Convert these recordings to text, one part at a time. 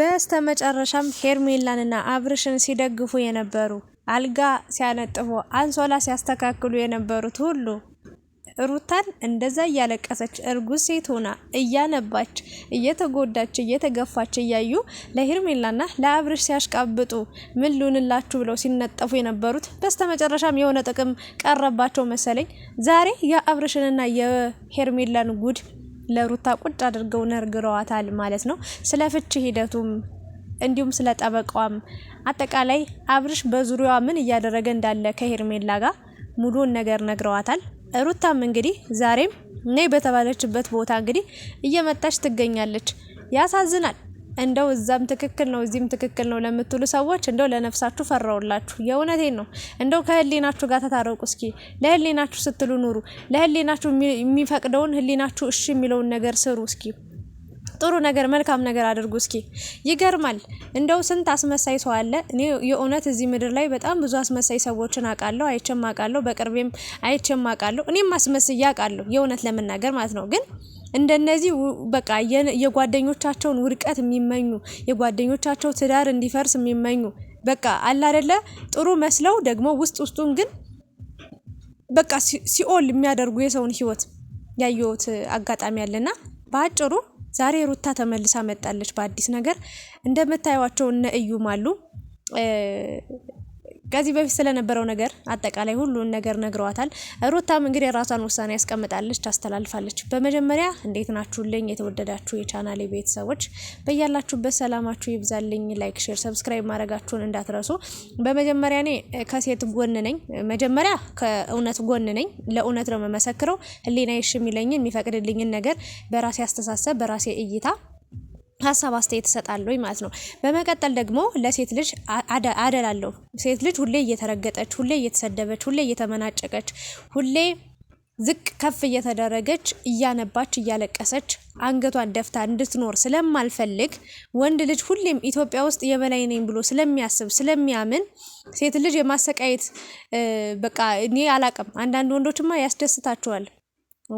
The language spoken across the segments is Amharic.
በስተመጨረሻም ሄርሜላንና አብርሽን ሲደግፉ የነበሩ አልጋ ሲያነጥፉ፣ አንሶላ ሲያስተካክሉ የነበሩት ሁሉ ሩታን እንደዛ እያለቀሰች እርጉዝ ሴት ሆና እያነባች እየተጎዳች እየተገፋች እያዩ ለሄርሜላና ለአብርሽ ሲያሽቃብጡ ምን ልሁንላችሁ ብለው ሲነጠፉ የነበሩት በስተመጨረሻም የሆነ ጥቅም ቀረባቸው መሰለኝ። ዛሬ የአብርሽንና የሄርሜላን ጉድ ለሩታ ቁጭ አድርገው ነርግረዋታል ማለት ነው። ስለ ፍቺ ሂደቱም እንዲሁም ስለ ጠበቃዋም አጠቃላይ አብርሽ በዙሪያዋ ምን እያደረገ እንዳለ ከሄርሜላ ጋር ሙሉን ነገር ነግረዋታል። ሩታም እንግዲህ ዛሬም ነይ በተባለችበት ቦታ እንግዲህ እየመጣች ትገኛለች። ያሳዝናል። እንደው እዛም ትክክል ነው እዚህም ትክክል ነው ለምትሉ ሰዎች እንደው ለነፍሳችሁ ፈራውላችሁ። የእውነቴን ነው። እንደው ከህሊናችሁ ጋር ተታረቁ እስኪ። ለህሊናችሁ ስትሉ ኑሩ። ለህሊናችሁ የሚፈቅደውን ህሊናችሁ እሺ የሚለውን ነገር ስሩ እስኪ። ጥሩ ነገር መልካም ነገር አድርጉ እስኪ። ይገርማል። እንደው ስንት አስመሳይ ሰው አለ። እኔ የእውነት እዚህ ምድር ላይ በጣም ብዙ አስመሳይ ሰዎችን አውቃለሁ፣ አይቼም አውቃለሁ፣ በቅርቤም አይቼም አውቃለሁ። እኔም አስመስዬ አውቃለሁ የእውነት ለመናገር ማለት ነው ግን እንደነዚህ በቃ የጓደኞቻቸውን ውድቀት የሚመኙ የጓደኞቻቸው ትዳር እንዲፈርስ የሚመኙ በቃ አለ አይደለ ጥሩ መስለው ደግሞ ውስጥ ውስጡን ግን በቃ ሲኦል የሚያደርጉ የሰውን ህይወት ያየሁት አጋጣሚ አለና በአጭሩ ዛሬ ሩታ ተመልሳ መጣለች በአዲስ ነገር። እንደምታዩቸው እነ እዩም አሉ። ከዚህ በፊት ስለነበረው ነገር አጠቃላይ ሁሉን ነገር ነግረዋታል። ሩታም እንግዲህ የራሷን ውሳኔ ያስቀምጣለች፣ ታስተላልፋለች። በመጀመሪያ እንዴት ናችሁልኝ የተወደዳችሁ የቻናሌ ቤተሰቦች በያላችሁበት ሰላማችሁ ይብዛልኝ። ላይክ፣ ሼር፣ ሰብስክራይብ ማድረጋችሁን እንዳትረሱ። በመጀመሪያ እኔ ከሴት ጎን ነኝ። መጀመሪያ ከእውነት ጎን ነኝ። ለእውነት ነው የምመሰክረው። ህሊና ይሽ የሚለኝን የሚፈቅድልኝን ነገር በራሴ አስተሳሰብ በራሴ እይታ ሀሳብ አስተያየት እሰጣለሁ ማለት ነው። በመቀጠል ደግሞ ለሴት ልጅ አደላለሁ። ሴት ልጅ ሁሌ እየተረገጠች፣ ሁሌ እየተሰደበች፣ ሁሌ እየተመናጨቀች፣ ሁሌ ዝቅ ከፍ እየተደረገች፣ እያነባች፣ እያለቀሰች አንገቷን ደፍታ እንድትኖር ስለማልፈልግ ወንድ ልጅ ሁሌም ኢትዮጵያ ውስጥ የበላይ ነኝ ብሎ ስለሚያስብ ስለሚያምን ሴት ልጅ የማሰቃየት በቃ እኔ አላቅም። አንዳንድ ወንዶችማ ያስደስታቸዋል።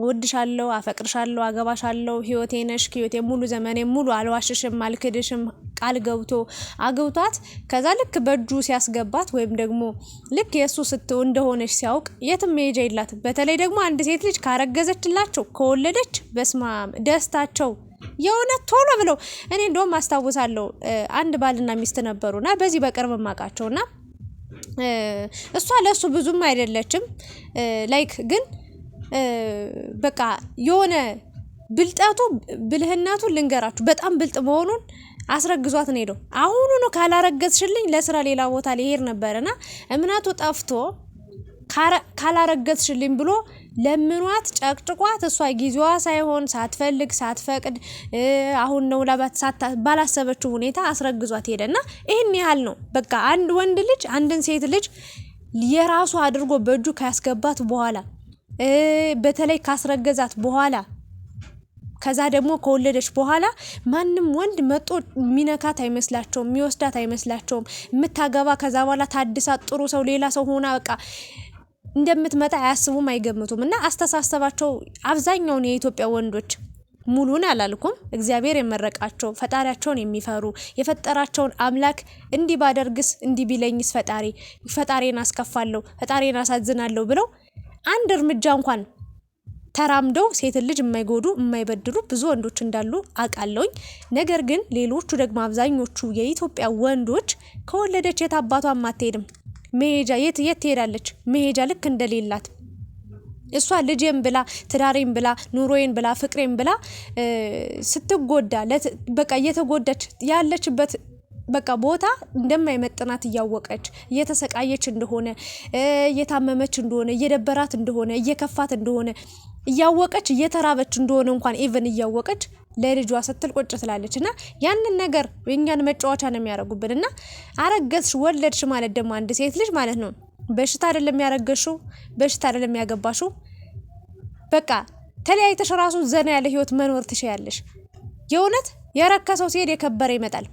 ወድሻለሁ፣ አፈቅርሻለሁ፣ አገባሻለሁ፣ ህይወቴ ነሽ፣ ህይወቴ ሙሉ ዘመኔ ሙሉ፣ አልዋሽሽም፣ አልክድሽም ቃል ገብቶ አግብቷት ከዛ ልክ በእጁ ሲያስገባት ወይም ደግሞ ልክ የእሱ ስትው እንደሆነች ሲያውቅ የትም መሄጃ የላት በተለይ ደግሞ አንድ ሴት ልጅ ካረገዘችላቸው ከወለደች በስማም ደስታቸው የሆነ ቶሎ ብለው እኔ እንደውም አስታውሳለሁ አንድ ባልና ሚስት ነበሩና በዚህ በቅርብ ማቃቸውና እሷ ለእሱ ብዙም አይደለችም ላይክ ግን በቃ የሆነ ብልጠቱ ብልህነቱ ልንገራችሁ በጣም ብልጥ መሆኑን አስረግዟት ነው ሄደው። ነው ካላረገዝሽልኝ ለስራ ሌላ ቦታ ሊሄድ ነበርና እምነቱ ጠፍቶ ካላረገዝሽልኝ ብሎ ለምኗት ጨቅጭቋት፣ እሷ ጊዜዋ ሳይሆን ሳትፈልግ ሳትፈቅድ አሁን ነው ላባት ባላሰበችው ሁኔታ አስረግዟት ሄደና ይህን ያህል ነው። በቃ አንድ ወንድ ልጅ አንድን ሴት ልጅ የራሱ አድርጎ በእጁ ካያስገባት በኋላ በተለይ ካስረገዛት በኋላ ከዛ ደግሞ ከወለደች በኋላ ማንም ወንድ መጦ የሚነካት አይመስላቸውም፣ የሚወስዳት አይመስላቸውም። የምታገባ ከዛ በኋላ ታድሳት ጥሩ ሰው ሌላ ሰው ሆና በቃ እንደምትመጣ አያስቡም፣ አይገምቱም። እና አስተሳሰባቸው አብዛኛውን የኢትዮጵያ ወንዶች ሙሉን አላልኩም፣ እግዚአብሔር የመረቃቸው ፈጣሪያቸውን የሚፈሩ የፈጠራቸውን አምላክ እንዲህ ባደርግስ እንዲህ ቢለኝስ ፈጣሪ ፈጣሪን አስከፋለሁ፣ ፈጣሪን አሳዝናለሁ ብለው አንድ እርምጃ እንኳን ተራምደው ሴትን ልጅ የማይጎዱ የማይበድሉ ብዙ ወንዶች እንዳሉ አውቃለሁኝ። ነገር ግን ሌሎቹ ደግሞ አብዛኞቹ የኢትዮጵያ ወንዶች ከወለደች የት አባቷም አትሄድም። መሄጃ የት የት ትሄዳለች? መሄጃ ልክ እንደሌላት እሷ ልጄን ብላ ትዳሬም ብላ ኑሮዬን ብላ ፍቅሬን ብላ ስትጎዳ በቃ እየተጎዳች ያለችበት በቃ ቦታ እንደማይመጥናት እያወቀች እየተሰቃየች እንደሆነ እየታመመች እንደሆነ እየደበራት እንደሆነ እየከፋት እንደሆነ እያወቀች እየተራበች እንደሆነ እንኳን ኢቨን እያወቀች ለልጇ ስትል ቁጭ ትላለች እና ያንን ነገር የእኛን መጫወቻ ነው የሚያደርጉብን። እና አረገዝሽ ወለድሽ ማለት ደግሞ አንድ ሴት ልጅ ማለት ነው በሽታ አይደለም ያረገሽው፣ በሽታ አይደለም ያገባሽው። በቃ ተለያይተሽ ራሱ ዘና ያለ ህይወት መኖር ትሻያለሽ። የእውነት የረከሰው ሲሄድ የከበረ ይመጣል።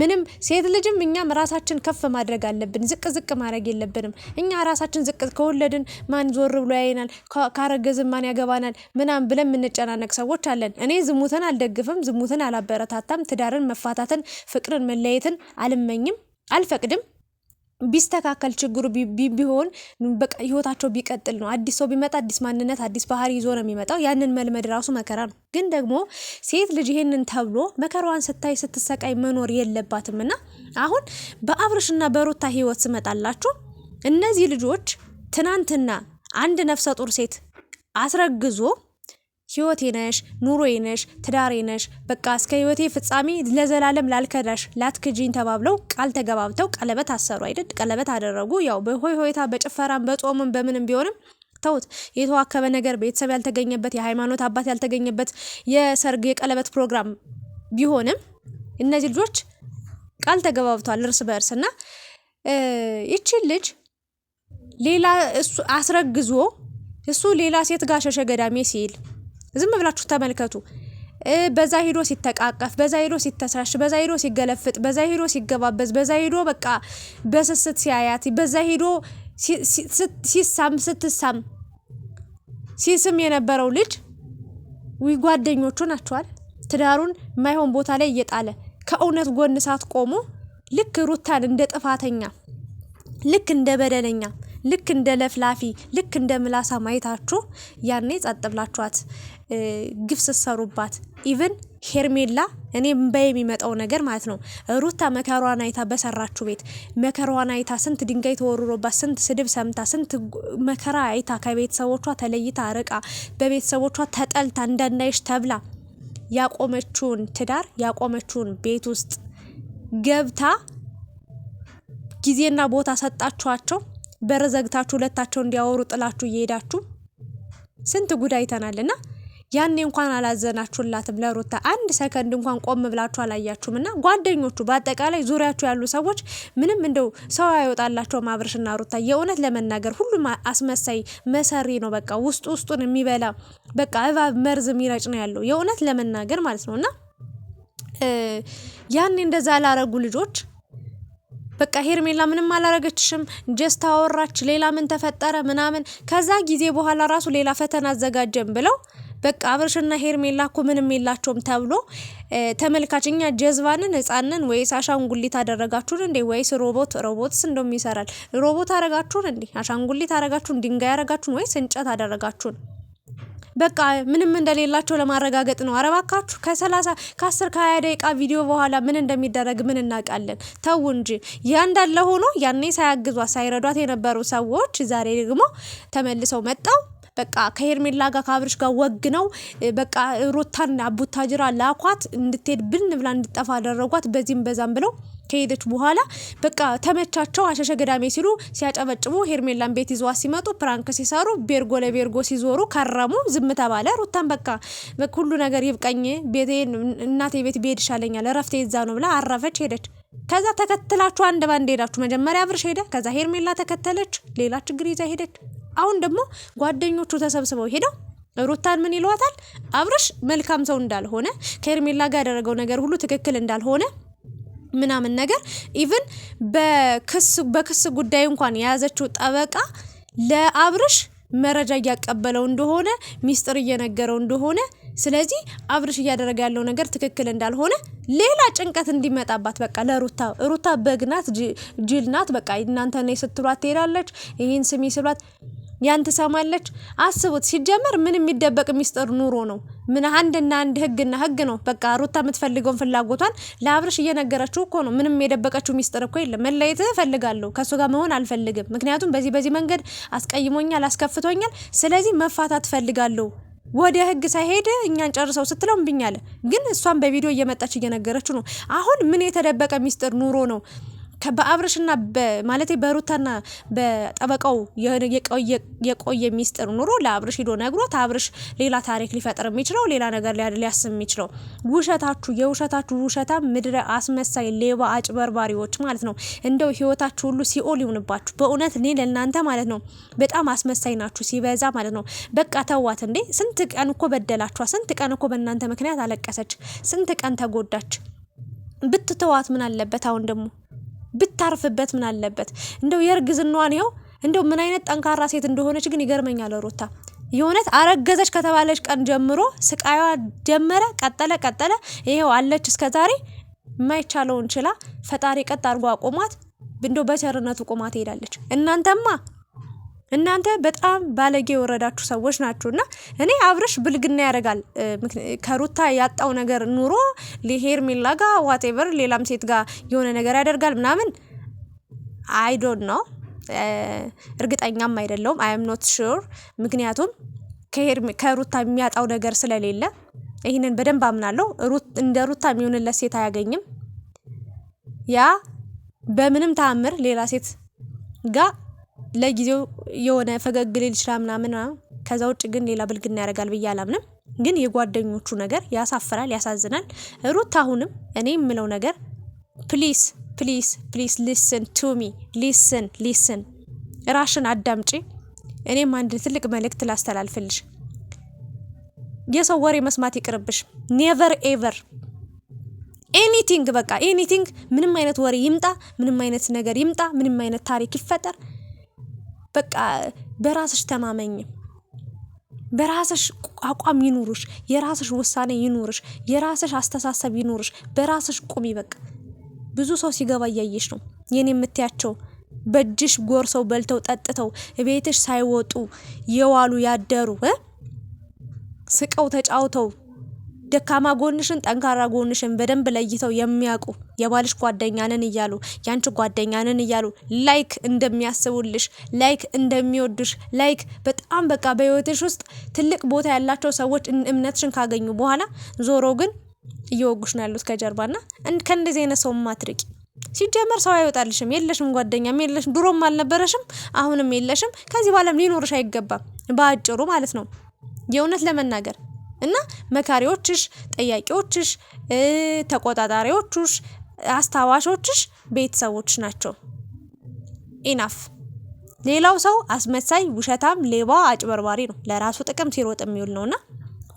ምንም ሴት ልጅም እኛም ራሳችን ከፍ ማድረግ አለብን። ዝቅ ዝቅ ማድረግ የለብንም። እኛ ራሳችን ዝቅ ከወለድን ማን ዞር ብሎ ያይናል፣ ካረገዝን ማን ያገባናል ምናም ብለን የምንጨናነቅ ሰዎች አለን። እኔ ዝሙትን አልደግፍም፣ ዝሙትን አላበረታታም። ትዳርን መፋታትን፣ ፍቅርን መለየትን አልመኝም፣ አልፈቅድም። ቢስተካከል ችግሩ ቢሆን በቃ ህይወታቸው ቢቀጥል ነው። አዲስ ሰው ቢመጣ አዲስ ማንነት፣ አዲስ ባህሪ ይዞ ነው የሚመጣው። ያንን መልመድ ራሱ መከራ ነው። ግን ደግሞ ሴት ልጅ ይሄንን ተብሎ መከራዋን ስታይ ስትሰቃይ መኖር የለባትም እና አሁን በአብርሽና በሩታ ህይወት ስመጣላችሁ እነዚህ ልጆች ትናንትና አንድ ነፍሰ ጡር ሴት አስረግዞ ህይወቴ ነሽ፣ ኑሮዬ ነሽ፣ ትዳሬ ነሽ፣ በቃ እስከ ህይወቴ ፍጻሜ ለዘላለም ላልከዳሽ ላትክጂኝ ተባብለው ቃል ተገባብተው ቀለበት አሰሩ አይደል? ቀለበት አደረጉ። ያው በሆይ ሆይታ በጭፈራም በጾምም በምንም ቢሆንም ተውት። የተዋከበ ነገር ቤተሰብ ያልተገኘበት የሃይማኖት አባት ያልተገኘበት የሰርግ የቀለበት ፕሮግራም ቢሆንም እነዚህ ልጆች ቃል ተገባብተዋል እርስ በእርስ እና ይችን ልጅ ሌላ እሱ አስረግዞ እሱ ሌላ ሴት ጋር ሸሸ ገዳሜ ሲል ዝም ብላችሁ ተመልከቱ። በዛ ሂዶ ሲተቃቀፍ፣ በዛ ሂዶ ሲተሳሽ፣ በዛ ሂዶ ሲገለፍጥ፣ በዛ ሂዶ ሲገባበዝ፣ በዛ ሂዶ በቃ በስስት ሲያያት፣ በዛ ሂዶ ሲሳም ስትሳም ሲስም የነበረው ልጅ ዊ ጓደኞቹ ናቸዋል። ትዳሩን ማይሆን ቦታ ላይ እየጣለ ከእውነት ጎን ሳትቆሙ ልክ ሩታን እንደ ጥፋተኛ ልክ እንደ በደለኛ ልክ እንደ ለፍላፊ ልክ እንደ ምላሳ ማየታችሁ ያኔ ጸጥ ብላችኋት ግፍ ስትሰሩባት ኢቭን ሄርሜላ እኔ እምባ የሚመጣው ነገር ማለት ነው። ሩታ መከሯን አይታ በሰራችሁ ቤት መከሯን አይታ ስንት ድንጋይ ተወርሮባት ስንት ስድብ ሰምታ ስንት መከራ አይታ ከቤተሰቦቿ ተለይታ ርቃ በቤተሰቦቿ ተጠልታ እንዳናይሽ ተብላ ያቆመችውን ትዳር ያቆመችውን ቤት ውስጥ ገብታ ጊዜና ቦታ ሰጣችኋቸው። በር ዘግታችሁ ሁለታቸው እንዲያወሩ ጥላችሁ እየሄዳችሁ ስንት ጉዳይ ተናልና። ያኔ እንኳን አላዘናችሁላትም ለሩታ አንድ ሰከንድ እንኳን ቆም ብላችሁ አላያችሁም። እና ጓደኞቹ በአጠቃላይ ዙሪያችሁ ያሉ ሰዎች ምንም እንደው ሰው አይወጣላቸው አብርሽና ሩታ የእውነት ለመናገር ሁሉም አስመሳይ መሰሪ ነው። በቃ ውስጡ ውስጡን የሚበላ በቃ እባብ መርዝ የሚረጭ ነው ያለው የእውነት ለመናገር ማለት ነው እና ያኔ እንደዛ አላረጉ ልጆች በቃ ሄርሜላ ምንም አላረገችሽም፣ ጀስት አወራች፣ ሌላ ምን ተፈጠረ ምናምን። ከዛ ጊዜ በኋላ ራሱ ሌላ ፈተና አዘጋጀም ብለው በቃ አብርሽና ሄርሜላ እኮ ምንም የላቸውም ተብሎ ተመልካች እኛ ጀዝባንን ህጻንን ወይስ አሻንጉሊት አደረጋችሁን እንዴ? ወይስ ሮቦት ሮቦትስ እንደም ይሰራል ሮቦት አረጋችሁን እንዴ? አሻንጉሊት አረጋችሁን? ድንጋይ አረጋችሁን? ወይስ እንጨት አደረጋችሁን? በቃ ምንም እንደሌላቸው ለማረጋገጥ ነው። አረባካችሁ ከሰላሳ ከአስር ከሀያ ደቂቃ ቪዲዮ በኋላ ምን እንደሚደረግ ምን እናውቃለን? ተው እንጂ። ያ እንዳለ ሆኖ ያኔ ሳያግዟት ሳይረዷት የነበሩ ሰዎች ዛሬ ደግሞ ተመልሰው መጣው በቃ ከሄርሜላ ጋር ከአብርሽ ጋር ወግ ነው በቃ ሩታን አቡታጅራ ላኳት እንድትሄድ ብን ብላ እንድጠፋ አደረጓት። በዚህም በዛም ብለው ከሄደች በኋላ በቃ ተመቻቸው። አሸሸ ገዳሜ ሲሉ ሲያጨበጭቡ፣ ሄርሜላን ቤት ይዘዋ ሲመጡ ፕራንክ ሲሰሩ፣ ቤርጎ ለቤርጎ ሲዞሩ ከረሙ። ዝም ተባለ። ሩታን በቃ ሁሉ ነገር ይብቀኝ፣ ቤቴን እናቴ ቤት ብሄድ ይሻለኛል፣ እረፍቴ እዛ ነው ብላ አረፈች፣ ሄደች። ከዛ ተከትላችሁ አንድ ባንድ ሄዳችሁ መጀመሪያ አብርሽ ሄደ፣ ከዛ ሄርሜላ ተከተለች፣ ሌላ ችግር ይዛ ሄደች። አሁን ደግሞ ጓደኞቹ ተሰብስበው ሄደው ሩታን ምን ይለዋታል? አብርሽ መልካም ሰው እንዳልሆነ ከሄርሜላ ጋር ያደረገው ነገር ሁሉ ትክክል እንዳልሆነ ምናምን ነገር ኢቭን በክስ በክስ ጉዳይ እንኳን የያዘችው ጠበቃ ለአብርሽ መረጃ እያቀበለው እንደሆነ ሚስጥር እየነገረው እንደሆነ ስለዚህ አብርሽ እያደረገ ያለው ነገር ትክክል እንዳልሆነ ሌላ ጭንቀት እንዲመጣባት በቃ ለሩታ ሩታ በግናት ጅልናት በቃ እናንተ ነይ ስትሏት ትሄዳለች። ይህን ስሚ ስሏት ያን ትሰማለች። አስቡት። ሲጀመር ምን የሚደበቅ ሚስጥር ኑሮ ነው? ምን አንድና አንድ ህግና ህግ ነው። በቃ ሩታ የምትፈልገውን ፍላጎቷን ለአብርሽ እየነገረችው እኮ ነው። ምንም የደበቀችው ሚስጥር እኮ የለም። መለየት እፈልጋለሁ፣ ከእሱ ጋር መሆን አልፈልግም፣ ምክንያቱም በዚህ በዚህ መንገድ አስቀይሞኛል፣ አስከፍቶኛል። ስለዚህ መፋታት እፈልጋለሁ ወደ ህግ ሳይሄድ እኛን ጨርሰው ስትለው እምብኝ አለ። ግን እሷን በቪዲዮ እየመጣች እየነገረችው ነው። አሁን ምን የተደበቀ ሚስጥር ኑሮ ነው? በአብረሽና ማለት በሩታና በጠበቃው የቆየ ሚስጥር ኑሮ ለአብርሽ ሂዶ ነግሮት አብርሽ ሌላ ታሪክ ሊፈጥር የሚችለው ሌላ ነገር ሊያስብ የሚችለው ውሸታችሁ፣ የውሸታችሁ ውሸታ ምድረ አስመሳይ ሌባ አጭበርባሪዎች ማለት ነው። እንደው ህይወታችሁ ሁሉ ሲኦል ይሁንባችሁ። በእውነት እኔ ለእናንተ ማለት ነው በጣም አስመሳይ ናችሁ ሲበዛ ማለት ነው። በቃ ተዋት እንዴ! ስንት ቀን እኮ በደላችኋ። ስንት ቀን እኮ በእናንተ ምክንያት አለቀሰች። ስንት ቀን ተጎዳች። ብትተዋት ምን አለበት አሁን ደግሞ ብታርፍበት ምን አለበት? እንደው የእርግዝናዋን ይኸው እንደው ምን አይነት ጠንካራ ሴት እንደሆነች ግን ይገርመኛል ሩታ የእውነት አረገዘች ከተባለች ቀን ጀምሮ ስቃዩዋ ጀመረ፣ ቀጠለ ቀጠለ። ይሄው አለች እስከ ዛሬ የማይቻለውን ችላ ፈጣሪ ቀጥ አድርጎ አቆማት። እንደው በቸርነቱ ቁማት ትሄዳለች። እናንተማ እናንተ በጣም ባለጌ የወረዳችሁ ሰዎች ናችሁ። እና እኔ አብርሽ ብልግና ያደርጋል ከሩታ ያጣው ነገር ኑሮ ሄርሜላ ጋ ዋቴቨር ሌላም ሴት ጋር የሆነ ነገር ያደርጋል ምናምን አይዶን ነው እርግጠኛም አይደለውም። አይም ኖት ሹር ምክንያቱም ከሩታ የሚያጣው ነገር ስለሌለ ይህንን በደንብ አምናለሁ። እንደ ሩታ የሚሆንለት ሴት አያገኝም። ያ በምንም ተአምር ሌላ ሴት ጋር ለጊዜው የሆነ ፈገግ ሊል ይችላል ምናምን፣ ከዛ ውጭ ግን ሌላ ብልግና ያደርጋል ብዬ አላምንም። ግን የጓደኞቹ ነገር ያሳፍራል፣ ያሳዝናል። ሩት አሁንም እኔ የምለው ነገር ፕሊስ ፕሊስ ፕሊስ ሊስን ቱሚ ሊስን ሊስን ራሽን አዳምጪ። እኔም አንድ ትልቅ መልእክት ላስተላልፍልሽ። የሰው ወሬ መስማት ይቅርብሽ። ኔቨር ኤቨር ኤኒቲንግ በቃ ኤኒቲንግ፣ ምንም አይነት ወሬ ይምጣ፣ ምንም አይነት ነገር ይምጣ፣ ምንም አይነት ታሪክ ይፈጠር በቃ በራስሽ ተማመኝ። በራስሽ አቋም ይኑርሽ፣ የራስሽ ውሳኔ ይኑርሽ፣ የራስሽ አስተሳሰብ ይኑርሽ። በራስሽ ቁሚ። በቃ ብዙ ሰው ሲገባ እያየሽ ነው። የኔ የምትያቸው በእጅሽ ጎርሰው በልተው ጠጥተው ቤትሽ ሳይወጡ የዋሉ ያደሩ ስቀው ተጫውተው ደካማ ጎንሽን፣ ጠንካራ ጎንሽን በደንብ ለይተው የሚያውቁ የባልሽ ጓደኛንን እያሉ ያንቺ ጓደኛንን እያሉ ላይክ እንደሚያስቡልሽ፣ ላይክ እንደሚወዱሽ፣ ላይክ በጣም በቃ በህይወትሽ ውስጥ ትልቅ ቦታ ያላቸው ሰዎች እምነትሽን ካገኙ በኋላ ዞሮ ግን እየወጉሽ ነው ያሉት ከጀርባና ከእንደዚህ አይነት ሰው ማትርቂ። ሲጀመር ሰው አይወጣልሽም። የለሽም፣ ጓደኛም የለሽም፣ ድሮም አልነበረሽም፣ አሁንም የለሽም። ከዚህ በኋላም ሊኖርሽ አይገባም። በአጭሩ ማለት ነው የእውነት ለመናገር እና መካሪዎችሽ፣ ጠያቂዎችሽ፣ ተቆጣጣሪዎችሽ፣ አስታዋሾችሽ ቤተሰቦች ናቸው። ኢናፍ ሌላው ሰው አስመሳይ፣ ውሸታም፣ ሌባ፣ አጭበርባሪ ነው። ለራሱ ጥቅም ሲሮጥ የሚውል ነውና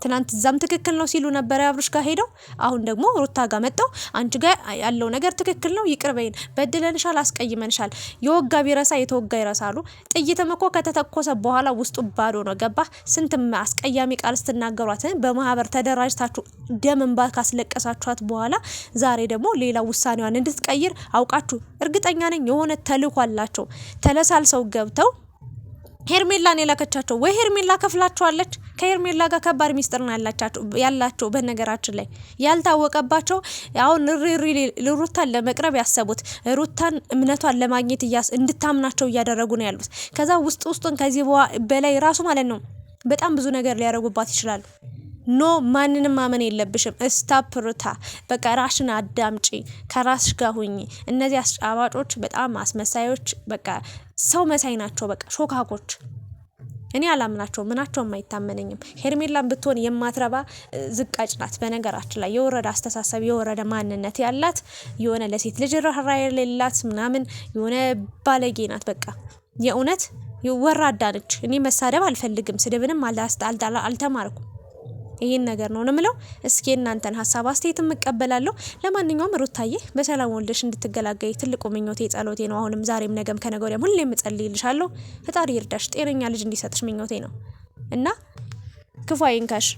ትናንት እዛም ትክክል ነው ሲሉ ነበረ አብርሽ ጋር ሄደው፣ አሁን ደግሞ ሩታ ጋር መጣው። አንቺ ጋር ያለው ነገር ትክክል ነው፣ ይቅርበይን፣ በድለንሻል፣ አስቀይመንሻል፣ የወጋ ቢረሳ የተወጋ ይረሳሉ። ጥይትም እኮ ከተተኮሰ በኋላ ውስጡ ባዶ ነው። ገባ ስንት አስቀያሚ ቃል ስትናገሯት በማህበር ተደራጅታችሁ ደም እንባ ካስለቀሳችኋት በኋላ ዛሬ ደግሞ ሌላ ውሳኔዋን እንድትቀይር አውቃችሁ እርግጠኛ ነኝ የሆነ ተልእኮ አላቸው ተለሳልሰው ገብተው ሄርሜላን የላከቻቸው ወይ ሄርሜላ ከፍላቸዋለች። ከሄርሜላ ጋር ከባድ ሚስጥር ነው ያላቻቸው ያላቸው። በነገራችን ላይ ያልታወቀባቸው አሁን ሩታን ለመቅረብ ያሰቡት ሩታን እምነቷን ለማግኘት እያስ እንድታምናቸው እያደረጉ ነው ያሉት። ከዛ ውስጥ ውስጡን ከዚህ በላይ ራሱ ማለት ነው በጣም ብዙ ነገር ሊያደርጉባት ይችላሉ። ኖ ማንንም ማመን የለብሽም። ስታፕ ሩታ፣ በቃ ራሽን አዳምጪ፣ ከራስሽ ጋር ሁኚ። እነዚህ አጫባጮች በጣም አስመሳዮች በቃ ሰው መሳይ ናቸው። በቃ ሾካኮች። እኔ አላምናቸው ምናቸውም አይታመነኝም። ሄርሜላን ብትሆን የማትረባ ዝቃጭ ናት። በነገራችን ላይ የወረደ አስተሳሰብ፣ የወረደ ማንነት ያላት የሆነ ለሴት ልጅ ራራ የሌላት ምናምን የሆነ ባለጌ ናት። በቃ የእውነት ወራዳ ነች። እኔ መሳደብ አልፈልግም። ስድብንም አልተማርኩም። ይህን ነገር ነው የምለው። እስኪ እናንተን ሀሳብ አስተያየት እቀበላለሁ። ለማንኛውም ሩታዬ በሰላም ወልደሽ እንድትገላገይ ትልቁ ምኞቴ ጸሎቴ ነው። አሁንም ዛሬም፣ ነገም፣ ከነገ ወዲያም ሁሌም የምጸልይልሻለሁ። ፈጣሪ ይርዳሽ፣ ጤነኛ ልጅ እንዲሰጥሽ ምኞቴ ነው እና ክፉ አይንካሽ።